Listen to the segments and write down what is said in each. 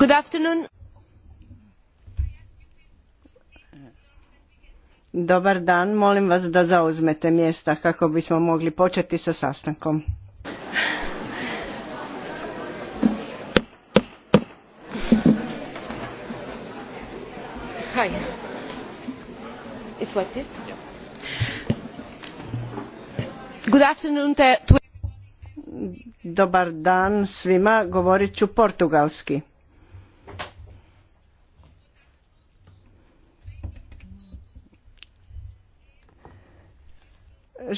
Good afternoon. Dobar dan, molim vas da zauzmete mjesta kako bismo mogli početi sa sastankom. Hi. Dobar dan svima, govorit ću portugalski.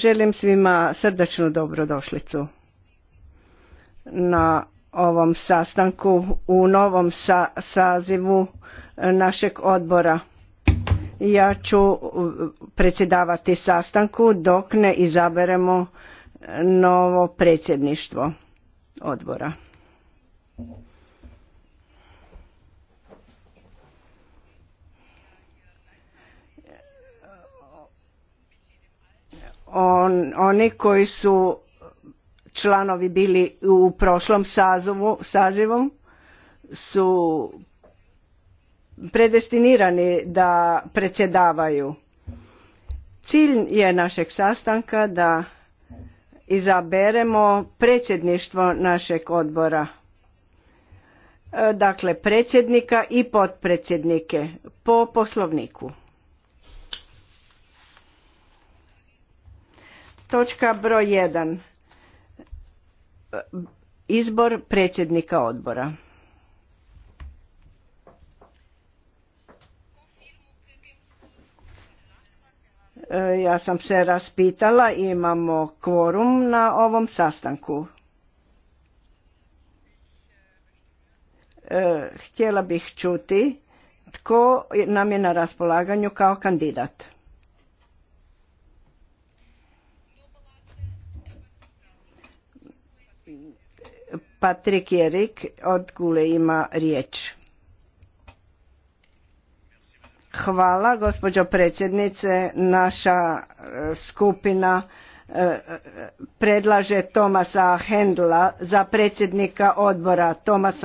Želim svima srdačnu dobrodošlicu na ovom sastanku u novom sazivu našeg odbora. Ja ću predsjedavati sastanku dok ne izaberemo novo predsjedništvo odbora on, oni koji su članovi bili u prošlom sazivu, sazivu su predestinirani da predsjedavaju. Cilj je našeg sastanka da izaberemo predsjedništvo našeg odbora. E, dakle, predsjednika i potpredsjednike po poslovniku. Točka broj jedan, Izbor predsjednika odbora. E, ja sam se raspitala, imamo kvorum na ovom sastanku. E, htjela bih čuti tko nam je na raspolaganju kao kandidat. Patrik Jerik od Gule ima riječ. Hvala gospođo predsjednice, naša e, skupina e, e, predlaže Tomasa Hendla za predsjednika odbora. Tomas,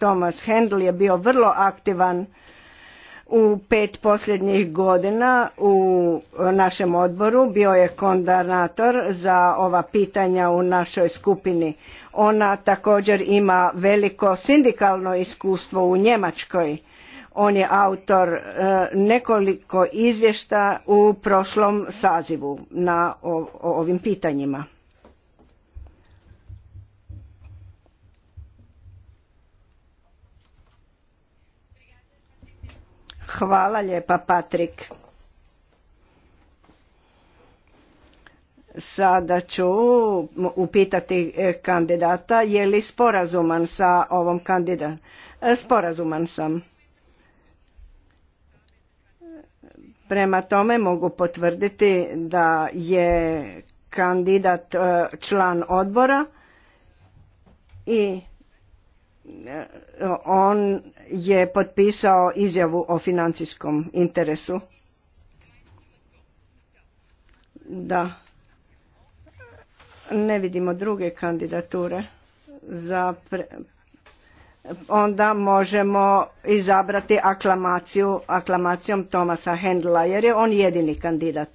Tomas Hendl je bio vrlo aktivan u pet posljednjih godina u našem odboru. Bio je kondanator za ova pitanja u našoj skupini. Ona također ima veliko sindikalno iskustvo u Njemačkoj. On je autor e, nekoliko izvješta u prošlom sazivu na ovim pitanjima. Hvala lijepa Patrik. Sada ću upitati e, kandidata je li sporazuman sa ovom kandidatom. E, sporazuman sam. Prema tome mogu potvrditi da je kandidat e, član odbora i on je potpisao izjavu o financijskom interesu. Da. Ne vidimo druge kandidature za pre... onda možemo izabrati aklamaciju, aklamacijom Tomasa Hendla jer je on jedini kandidat.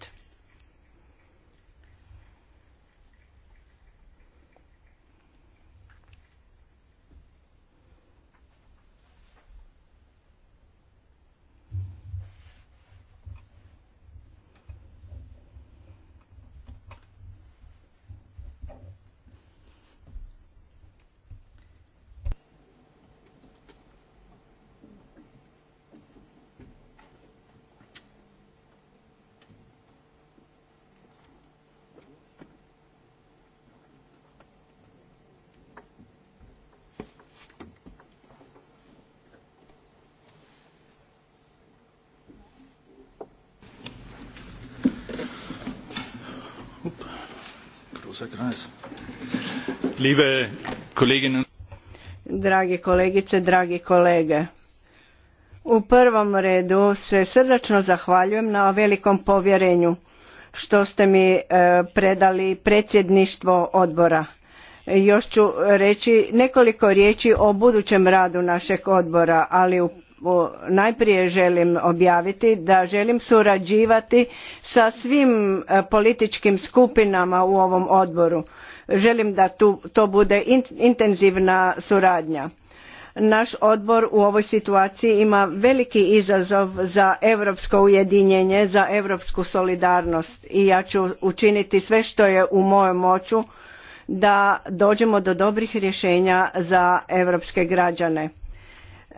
Drage kolegice, dragi kolege. U prvom redu se srdačno zahvaljujem na velikom povjerenju što ste mi e, predali predsjedništvo odbora. Još ću reći nekoliko riječi o budućem radu našeg odbora, ali u najprije želim objaviti da želim surađivati sa svim e, političkim skupinama u ovom odboru. Želim da tu, to bude intenzivna suradnja. Naš odbor u ovoj situaciji ima veliki izazov za europsko ujedinjenje, za europsku solidarnost i ja ću učiniti sve što je u mojoj moću da dođemo do dobrih rješenja za europske građane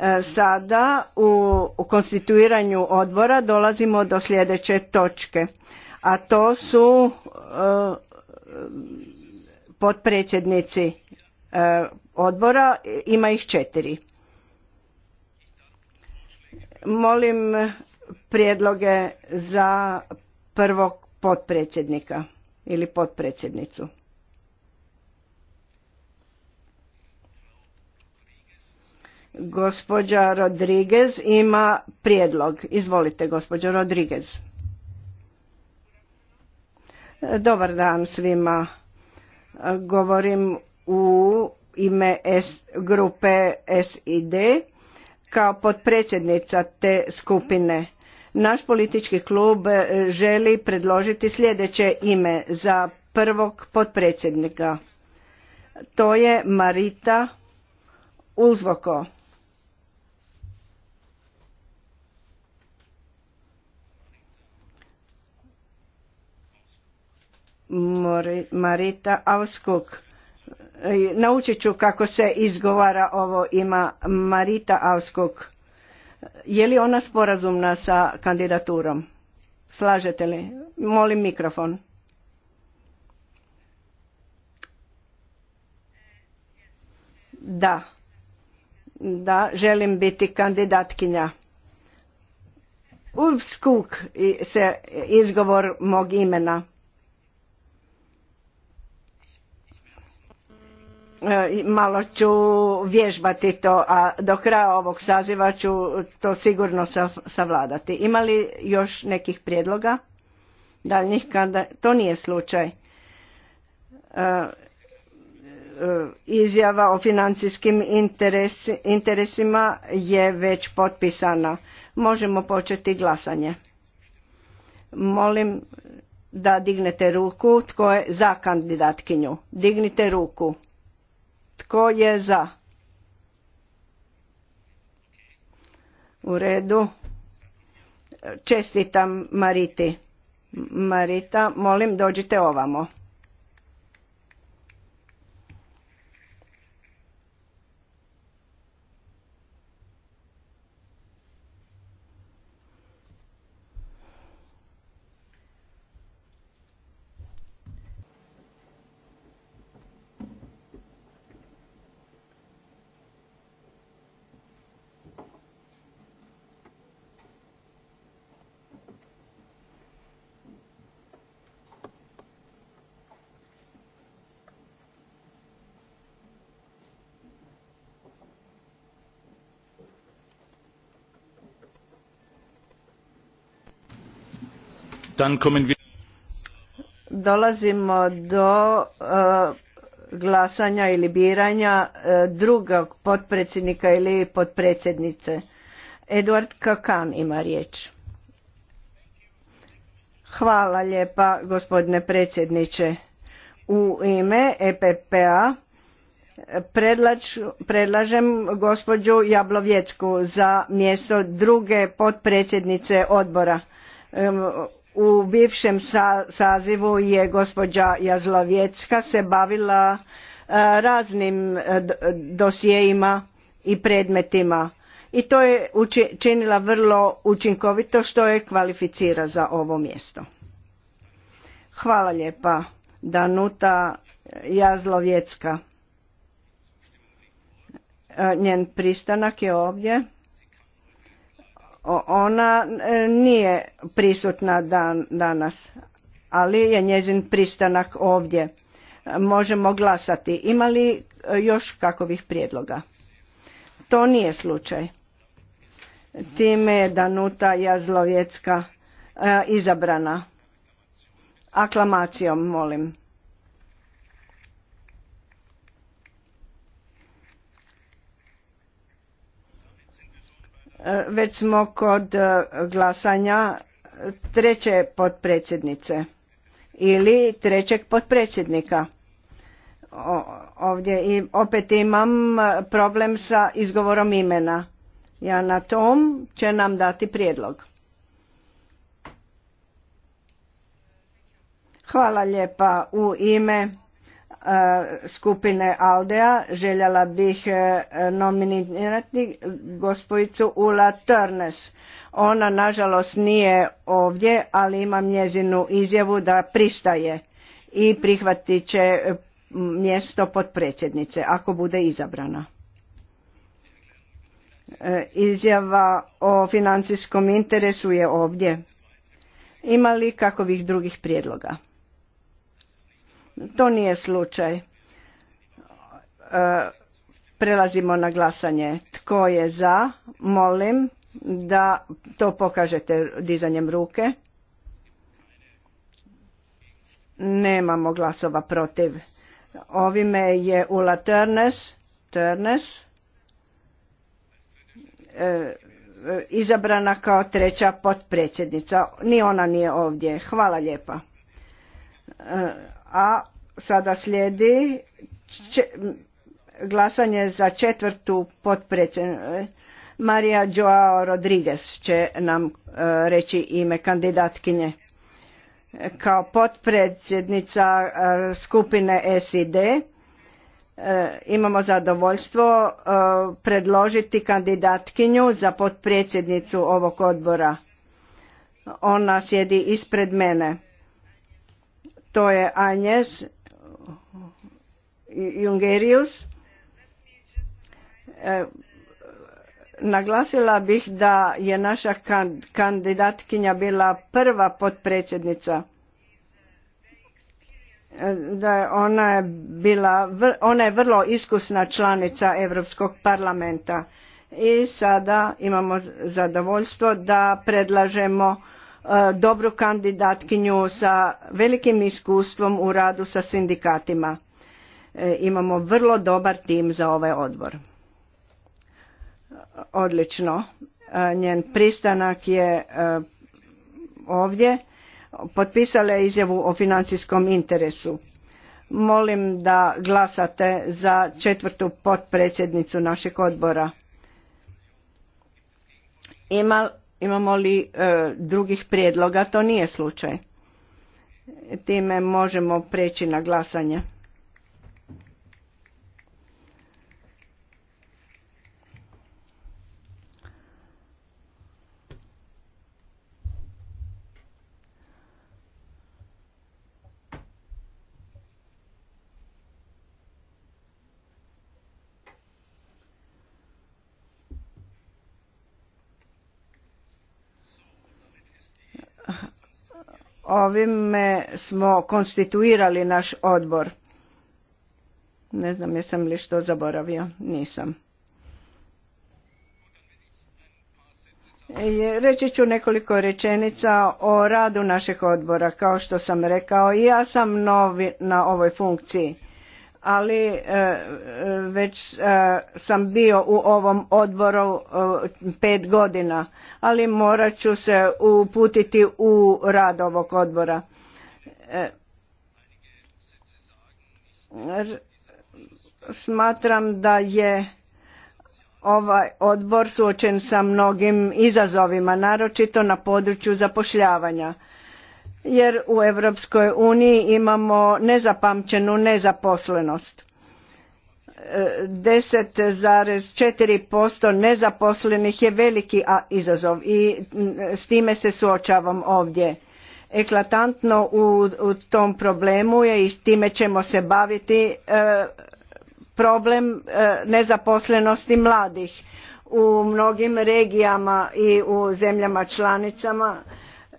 E, sada u konstituiranju odbora dolazimo do sljedeće točke, a to su e, potpredsjednici e, odbora, ima ih četiri. Molim prijedloge za prvog potpredsjednika ili potpredsjednicu. Gospođa Rodriguez ima prijedlog. Izvolite, gospođa Rodriguez. Dobar dan svima. Govorim u ime S, grupe SID kao potpredsjednica te skupine. Naš politički klub želi predložiti sljedeće ime za prvog potpredsjednika. To je Marita Uzvoko. Marita Auskuk. E, naučit ću kako se izgovara ovo ima Marita Auskuk. Je li ona sporazumna sa kandidaturom? Slažete li? Molim mikrofon. Da. Da, želim biti kandidatkinja. Uvskuk se izgovor mog imena. E, malo ću vježbati to, a do kraja ovog saziva ću to sigurno savladati. Ima li još nekih prijedloga daljnjih kada... To nije slučaj. E, e, izjava o financijskim interesima je već potpisana. Možemo početi glasanje. Molim da dignete ruku. Tko je za kandidatkinju? Dignite ruku. Tko je za? U redu. Čestitam Mariti. Marita, molim dođite ovamo. Dolazimo do eh, glasanja ili biranja eh, drugog potpredsjednika ili potpredsjednice. Eduard Kakan ima riječ. Hvala lijepa gospodine predsjedniče. U ime epp eh, predlažem gospođu Jablovjecku za mjesto druge potpredsjednice odbora. U bivšem sazivu je gospođa Jazlovjecka se bavila e, raznim e, dosjejima i predmetima i to je činila vrlo učinkovito što je kvalificira za ovo mjesto. Hvala lijepa Danuta Jazlovjecka. E, njen pristanak je ovdje. Ona e, nije prisutna dan, danas, ali je njezin pristanak ovdje. Možemo glasati. Ima li e, još kakovih prijedloga? To nije slučaj. Time je Danuta Jazlovjecka e, izabrana. Aklamacijom, molim. E, već smo kod e, glasanja treće potpredsjednice ili trećeg potpredsjednika. Ovdje i opet imam e, problem sa izgovorom imena. Ja na tom će nam dati prijedlog. Hvala lijepa u ime Eh, skupine Aldea željela bih eh, nominirati gospodicu Ula Törnes. Ona nažalost nije ovdje, ali imam njezinu izjavu da pristaje i prihvatit će eh, mjesto potpredsjednice ako bude izabrana. Izjava o financijskom interesu je ovdje. Ima li kakvih drugih prijedloga? To nije slučaj. E, prelazimo na glasanje. Tko je za? Molim da to pokažete dizanjem ruke. Nemamo glasova protiv. Ovime je Ula Ternes. E, e, izabrana kao treća potpredsjednica. Ni ona nije ovdje. Hvala lijepa. A sada slijedi glasanje za četvrtu potpredsjednicu. Marija Joao Rodriguez će nam e, reći ime kandidatkinje. Kao potpredsjednica e, skupine SID e, imamo zadovoljstvo predložiti kandidatkinju za potpredsjednicu ovog odbora. Ona sjedi ispred mene to je anjes Jungerius. E, naglasila bih da je naša kandidatkinja bila prva potpredsjednica e, da ona je bila ona je vrlo iskusna članica Europskog parlamenta i sada imamo zadovoljstvo da predlažemo E, dobru kandidatkinju sa velikim iskustvom u radu sa sindikatima. E, imamo vrlo dobar tim za ovaj odbor. Odlično. E, njen pristanak je ovdje. Potpisala je izjavu o financijskom interesu. Molim da glasate za četvrtu potpredsjednicu našeg odbora. Ima Imamo li e, drugih prijedloga? To nije slučaj. Time možemo preći na glasanje. Ovime smo konstituirali naš odbor. Ne znam jesam li što zaboravio, nisam. E, reći ću nekoliko rečenica o radu našeg odbora. Kao što sam rekao, i ja sam novi na ovoj funkciji ali e, e, već e, sam bio u ovom odboru pet godina, ali morat ću se uputiti u rad ovog odbora. Smatram da je ovaj odbor suočen sa mnogim izazovima, naročito na području zapošljavanja jer u Europskoj uniji imamo nezapamćenu nezaposlenost. 10,4% e, nezaposlenih je veliki izazov i s time se suočavam ovdje. Eklatantno u, tom problemu je i s time ćemo se baviti e, problem e, nezaposlenosti mladih. U mnogim regijama i u zemljama članicama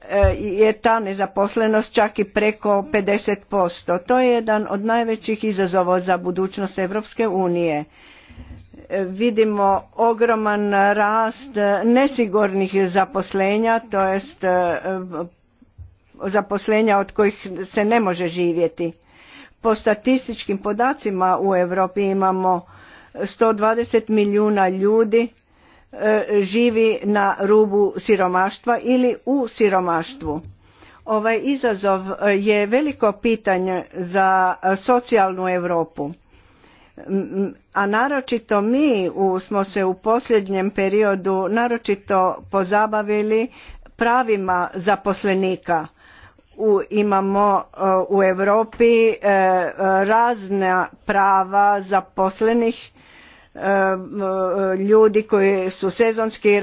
E, je ta nezaposlenost čak i preko 50%. To je jedan od najvećih izazova za budućnost Europske unije. E, vidimo ogroman rast nesigurnih zaposlenja, to jest e, zaposlenja od kojih se ne može živjeti. Po statističkim podacima u Europi imamo 120 milijuna ljudi E, živi na rubu siromaštva ili u siromaštvu. Ovaj izazov e, je veliko pitanje za e, socijalnu Europu. A naročito mi smo se u posljednjem periodu naročito pozabavili pravima zaposlenika. imamo u Europi razna prava zaposlenih E, ljudi koji su sezonski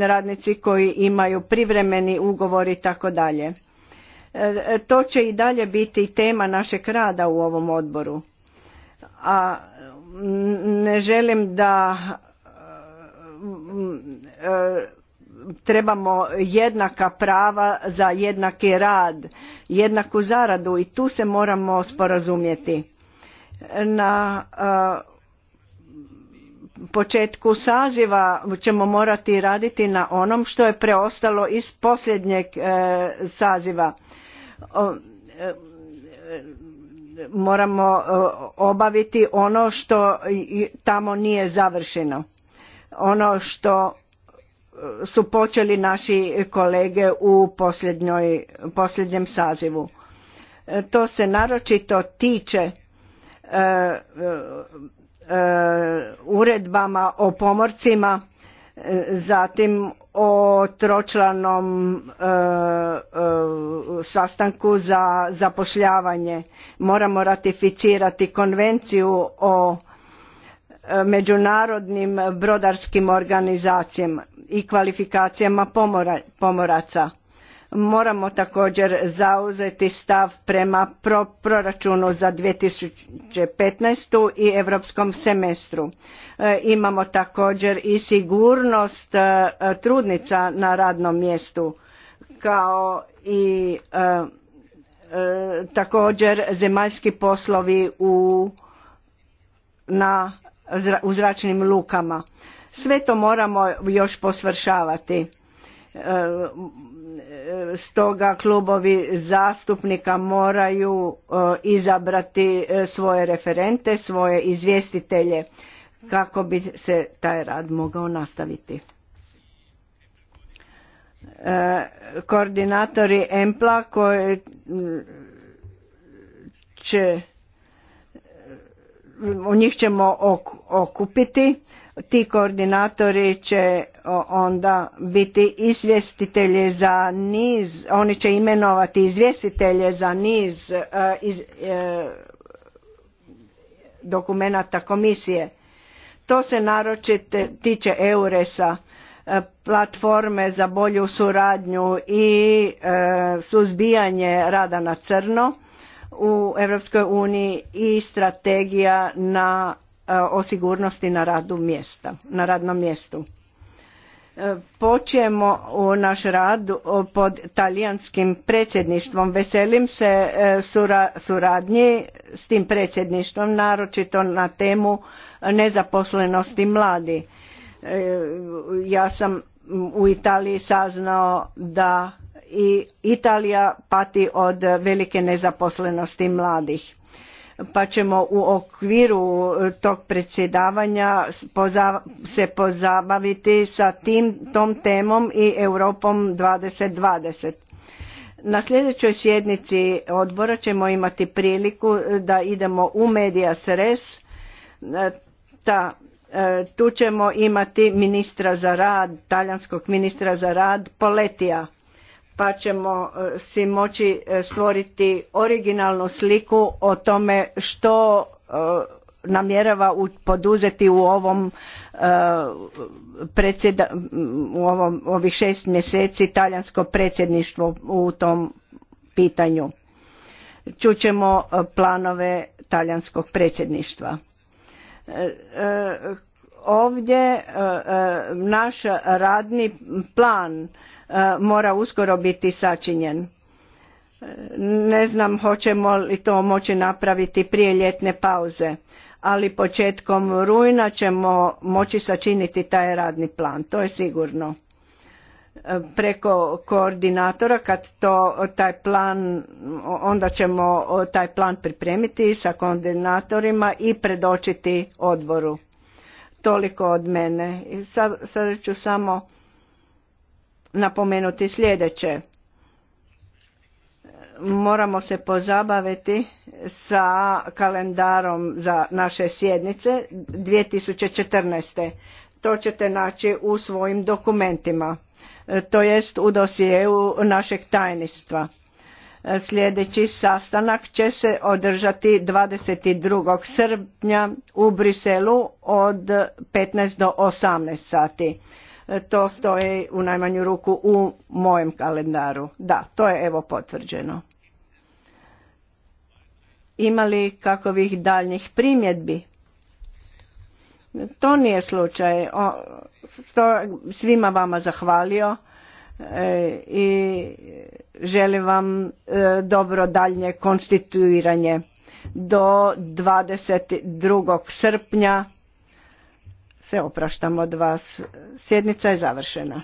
radnici koji imaju privremeni ugovor i tako dalje. E, e, to će i dalje biti tema našeg rada u ovom odboru. A ne želim da trebamo jednaka prava za jednaki rad, jednaku zaradu i tu se moramo sporazumjeti. Na početku saziva ćemo morati raditi na onom što je preostalo iz posljednjeg e, saziva. E, moramo e, obaviti ono što tamo nije završeno. Ono što su počeli naši kolege u posljednjem sazivu. To se naročito tiče E, uredbama o pomorcima, e, zatim o tročlanom e, sastanku za zapošljavanje. Moramo ratificirati konvenciju o međunarodnim brodarskim organizacijama i kvalifikacijama pomoraca moramo također zauzeti stav prema proračunu za 2015. i europskom semestru. E, imamo također i sigurnost e, trudnica na radnom mjestu kao i e, također zemaljski poslovi u zračnim lukama. Sve to moramo još posvršavati E, e, stoga klubovi zastupnika moraju e, izabrati svoje referente, svoje izvjestitelje kako bi se taj rad mogao nastaviti. Koordinatori EMPLA koji će u njih ćemo okupiti ti koordinatori će onda biti izvjestitelje za niz, oni će imenovati izvjestitelje za niz e, iz, e, dokumenata komisije. To se naročito tiče Euresa, e, platforme za bolju suradnju i suzbijanje rada na crno u Europskoj uniji i strategija na, o sigurnosti na, radu mjesta, na radnom mjestu. Počemo u naš rad pod talijanskim predsjedništvom. Veselim se e, suradnji s tim predsjedništvom, naročito na temu nezaposlenosti mladi. E, ja sam u Italiji saznao da i Italija pati od velike nezaposlenosti mladih pa ćemo u okviru e, tog predsjedavanja se pozabaviti sa tom temom i Europom 2020. Na sljedećoj sjednici odbora ćemo imati priliku e, da idemo u medija Res. E, ta, tu ćemo imati ministra za rad, talijanskog ministra za rad Poletija pa ćemo e, si moći e, stvoriti originalnu sliku o tome što e, namjerava poduzeti u ovom u ovom, ovih šest mjeseci talijansko predsjedništvo u tom pitanju. Čućemo planove talijanskog predsjedništva. Ovdje naš radni plan E, mora uskoro biti sačinjen. E, ne znam hoćemo li to moći napraviti prije ljetne pauze, ali početkom rujna ćemo moći sačiniti taj radni plan, to je sigurno. E, preko koordinatora kad to taj plan, onda ćemo taj plan pripremiti sa koordinatorima i predočiti odboru. Toliko od mene. Sada ću samo napomenuti sljedeće. Moramo se pozabaviti sa kalendarom za naše sjednice 2014. To ćete naći u svojim dokumentima, e, to jest u dosijeu našeg tajništva. E, sljedeći sastanak će se održati 22. srpnja u Briselu od 15 do 18 sati. E, to stoji u najmanju ruku u mojem kalendaru. Da, to je evo potvrđeno. Ima li kakovih daljnjih primjedbi? To nije slučaj. sto, svima vama zahvalio e, i želim vam e, dobro daljnje konstituiranje do 22. srpnja se opraštam od vas. Sjednica je završena.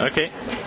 Okay.